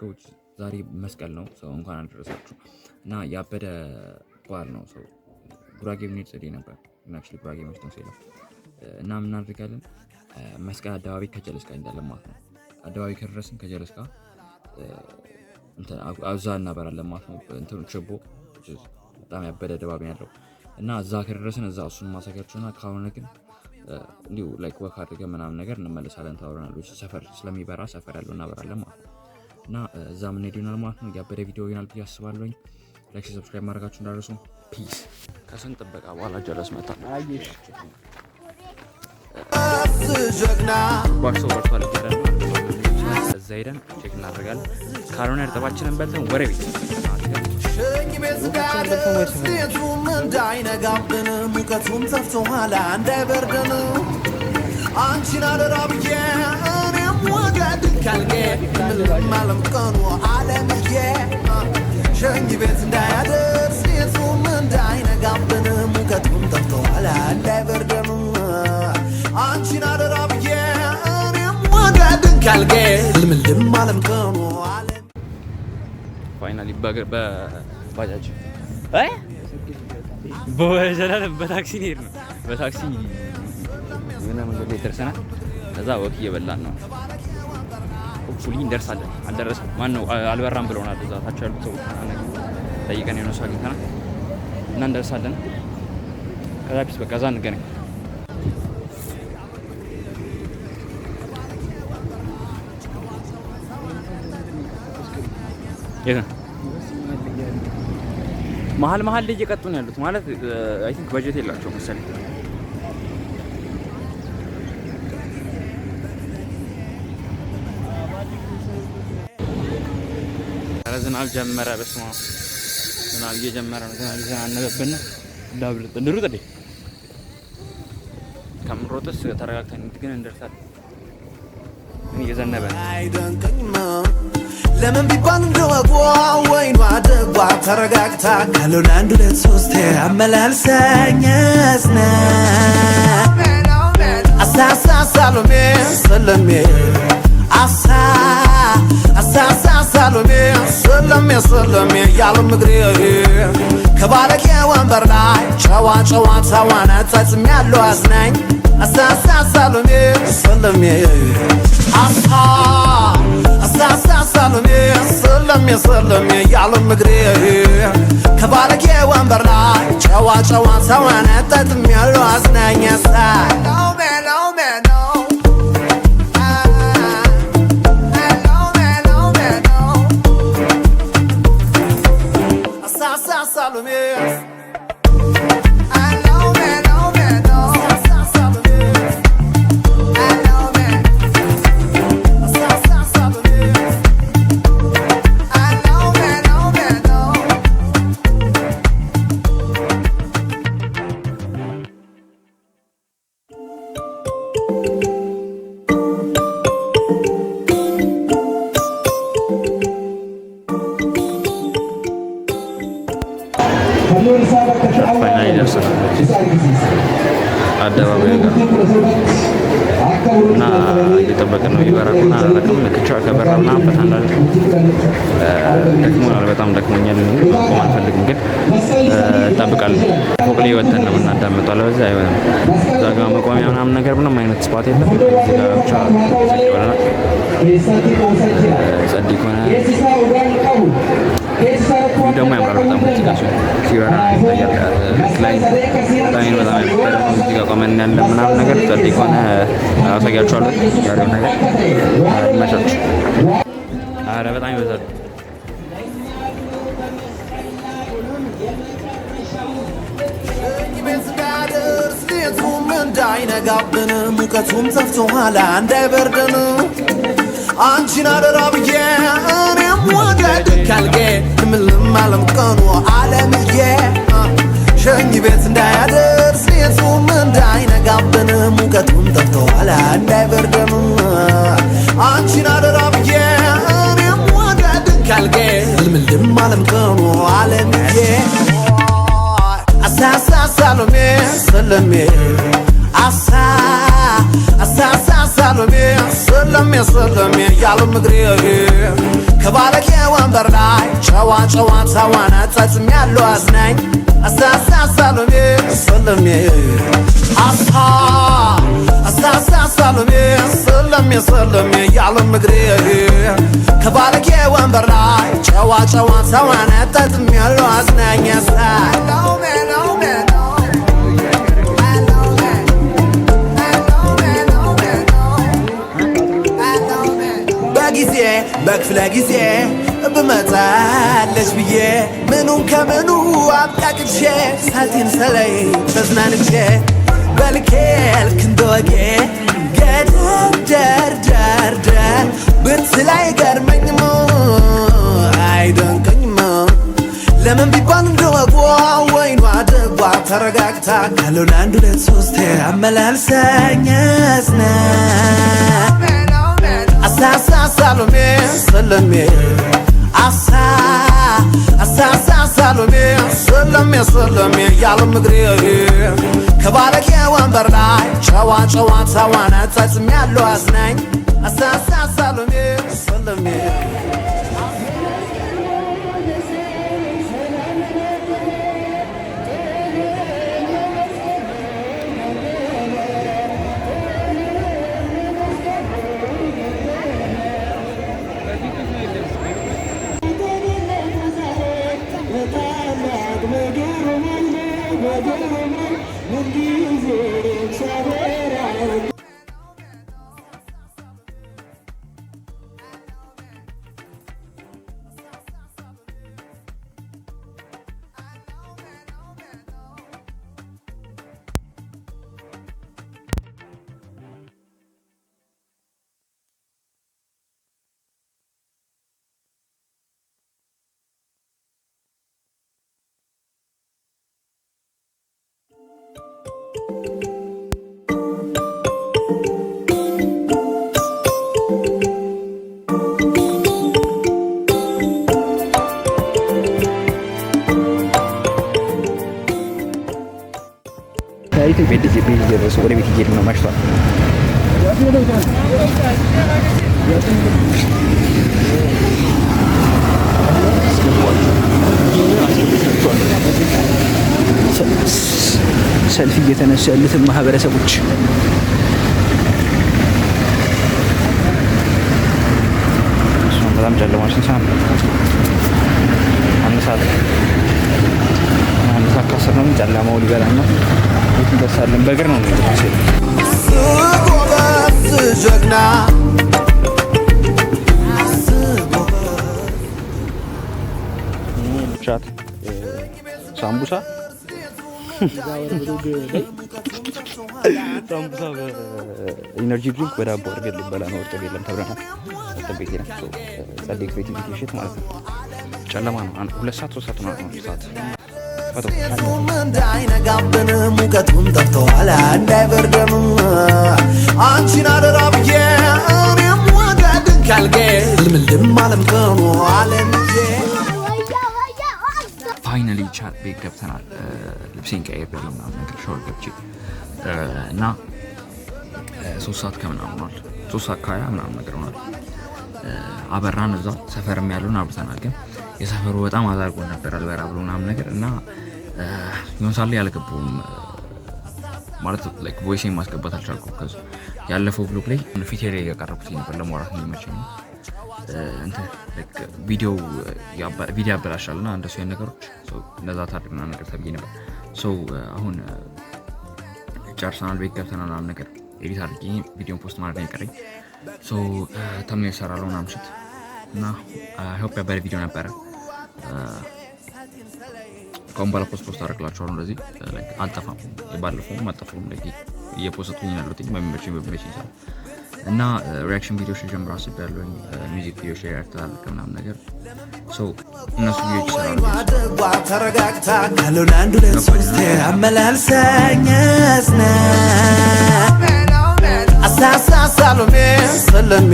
ከውጭ ዛሬ መስቀል ነው። ሰው እንኳን አልደረሳችሁ እና ያበደ በዓል ነው። ሰው ጉራጌ ብንሄድ ጽዴ ነበር ናክሽ ጉራጌ መች ነው ሲለው እና ምን እናደርጋለን? መስቀል አደባባይ ከጀለስካ እንዳለን ማለት ነው። አደባባይ ከደረስን ከጀለስካ እዛ እናበራለን ማለት ነው። እንትኑ ችቦ በጣም ያበደ ድባብ ያለው እና እዛ ከደረስን እዛ እሱን ማሳካችሁና ካልሆነ ግን እንዲሁ ላይክ ወክ አድርገን ምናምን ነገር እንመለሳለን። ታወረናል ሰፈር ስለሚበራ ሰፈር ያለው እናበራለን ማለት ነው። እና እዛ ምንሄድ ይሆናል ማለት ነው። ያበደ ቪዲዮ ይሆናል ብዬ አስባለሁኝ። ላይክ፣ ሰብስክራይብ ማድረጋችሁ እንዳደረሱ። ፒስ። ከስንት ጥበቃ በኋላ ጀለስ መታ ባርሶ ወርቷል ይባላል። እዛ ሄደን ቼክ እናደርጋለን። ካልሆነ እርጥባችንን በልተን ወሬ ቤት ሸኝ ቤት ጋር ስሌቱም እንዳይነጋብን ሙቀቱም ተፍቶ ኋላ እንዳይበርደን አንቺን አደራ ብዬ እኔም ወገድ ካልጌ ምንም አለም ቀኑ አለምዬ ሸኝ ቤት እንዳያደርስ የሱም እንዳይነጋብን ሙቀቱም ጠፍተዋል እንዳይበርደንም አንቺን አደራ ብዬ እኔም ወደድን ካልጌ ምንም አለም ቀኑ ፋይናሊ በባጃጅ በዘላለም በታክሲ ሄድ ነው። በታክሲ የሆነ መንገድ ላይ ደርሰናል። ከዛ ወክ እየበላን ነው ሆፕፉሊ እንደርሳለን። አልደረሰም ማን ነው አልበራም ብለውናል። እዛ ታች ያሉት ሰዎች ጠይቀን የሆነ ሰው አግኝተናል እና እንደርሳለን። ከዛ ፒስ በቃ እዛ እንገናኝ። መሀል መሀል ላይ እየቀጡ ነው ያሉት ማለት አይ ቲንክ በጀት የላቸው መሰለኝ ኧረ ዝናብ ጀመረ። በስመ አብ ዝናብ እየጀመረ ነው። ዝናብ እየዘናነበብን ዳብልጥ እንሩጥ እንዴ! ከምንሮጥስ ተረጋግተን ግን እንደርሳለን። እየዘነበ ለምን ቢባል ወይኑ አደጓ ተረጋግታ ካለው ሁለት አመላልሰኝ ስነ አሳሳ ሳሎሜ ሰለሜ አሳ አሳሳ አታልሜ ስልሜ ስልሜ ያለም እግሬ ከባለጌ ወንበር ላይ ጨዋ ጨዋ ተዋናት ተጽም ያለው አዝናኝ አሳሳ ሳልሜ ስልሜ አሳሳ ሳልሜ ስልሜ ስልሜ ያለም እግሬ ከባለጌ ወንበር ላይ ጨዋ ጨዋ ተዋናት ተጽም ያለው አዝናኝ አሳ ጨፋኝ ላይ ደርስ አደባባዩ ጋር እና እየጠበቅን ነው። ይበራሉና አላለቅም ልክቻ ከበራ ምናምን ደክሞናል። በጣም ደክሞኛል። ቆም አልፈልግም፣ ግን እጠብቃለሁ። ፎቅ ላይ ወተን ነው የምናዳምጠው። አለበለዚያ አይሆንም። እዛ ጋር መቋሚያ ምናምን ነገር ምንም አይነት ስፓት የለም። እዚህ ጋር ብቻ ጸድ ከሆነ ደግሞ ያምራል በጣም እዚህ ጋር ሲበራ ይታያል። በጣም ያምራል። እዚህ ቆመን ያለ ምናምን ነገር ጸልይ ከሆነ አሳያችኋለሁ። ያለው ነገር ይመቻችሁ። አረ በጣም ይበዛል። እንዳይነጋብን ሙቀቱም ተፍቶ ኋላ እንዳይበርደን አንቺን አደራ ብዬ እኔም ወደ ማለም ቀኑ ዓለምዬ ሸኝ ቤት እንዳያደርስ የሱም እንዳይነጋብን ሙቀቱም ጠፍተዋል እንዳይበርደም አንቺን አደራ ብዬ እኔም ወደ ድንካልጌ ልምልም ማለም ቀኑ ዓለምዬ አሳ ሳሎሜ ሰለሜ አሳ አሳ ሳሎሜ ሰለሜ ሰለሜ ያለም እግሬ ከባለጌ ወንበር ላይ ጨዋ ጨዋ ተዋናጠጥም ያለው አዝናኝ አሳሳ ሳሎሜ ሰለሜ አሳ አሳሳ ሳሎሜ ሰለሜ ሰለሜ ያለም እግሬ ከባለጌ ወንበር ላይ ጨዋ ጨዋ ተዋናጠጥም ያለው አዝናኝ ሳሎሜ ክፍለ ጊዜ ብመጣለች ብዬ ምኑን ከምኑ አብቃቅቼ ሳቲን ሰለይ ተዝናንቼ በልኬ ልክ እንደ ብትላይ ገደር ደርደር ደር ብትል ለምን ቢባል እንደወጎ ወይኗ ደጓ ተረጋግታ ካለው ለአንድ ሁለት ሶስቴ አመላልሰኝ ስነ አሳሳ ሳሎሜ ሰለሜ አሳ አሳሳ ሳሎሜ ሰለሜ ሰለሜ ያለ ያለው አዝናኝ አሳሳ ሳሎሜ ሰለሜ ቤት ቤት እየደረሱ ወደ ቤት እየሄድን ነው። መሽቷል። ሰልፍ እየተነሱ ያሉትን ማህበረሰቦች በጣም ጨለማችን ሰዓት አንድ ሰዓት አንድ ሰዓት ካሰብነው ጨለማው ሊበላኝ ነው። እንደርሳለን። በእግር ነው ጀግና ሻት ሳምቡሳ ሳምቡሳ በኢነርጂ ድሪንክ በዳቦ አድርገን ልበላ ነው። እርጥብ የለም ተብለናል። እርጥብ ነው። ጨለማ ነው። ሁለት ሰዓት ሶስት ሰዓት ነው ሰዓት እሱም እንዳይነጋብን ሙቀቱን ጠፍተዋል እንዳይበርደም አንቺን አደራ ብዬ እኔም ወደ ድንካልጌ ልምልም አለም ቀኑ አለም ፋይናሊ ቻት ቤት ገብተናል። ልብሴን ቀይሬ ምናምን ነገር ሻወር ገብቼ እና ሶስት ሰዓት ከምናምን ሆኗል። ሶስት ሰዓት ካያ ምናምን ነገር ሆኗል። አበራን እዛው ሰፈርም ያለውን አብርተናል ግን የሰፈሩ በጣም አዛርጎ ነበር አልበራ ብሎ ምናምን ነገር እና ሆን ሳለ ያልገባውም ማለት ቮይስ ቮይሴ ማስገባት አልቻልኩም። ከዚ ያለፈው ብሎክ ላይ ፊቴ ላይ ያቀረብኩት ነበር ለማውራት የሚመች ቪዲዮ ያበላሻል እና እንደሱ አይነት ነገሮች እነዛ ታድግ ነገር ተብዬ ነበር። ሰው አሁን ጨርሰናል፣ ቤት ገብተናል ምናምን ነገር ኤዲት አድርጊ ቪዲዮን ፖስት ማድረግ ይቀረኝ የቀረኝ። ሰው ተምኔል እሰራለሁ ምናምን እና ሆፕ ያበረ ቪዲዮ ነበረ ከሁን በኋላ ፖስት ፖስት እንደዚህ አልጠፋም፣ ባለፈውም አልጠፋም። እየፖስቱኝ ያሉትኝ በሚመችኝ በሚመችኝ ሰው እና ሪያክሽን ቪዲዮች ጀምሮ አስብ ያለኝ ሚዚክ ቪዲዮች ሪያክት አድርግ ምናምን ነገር እነሱ ቪዲዮች ስለሜ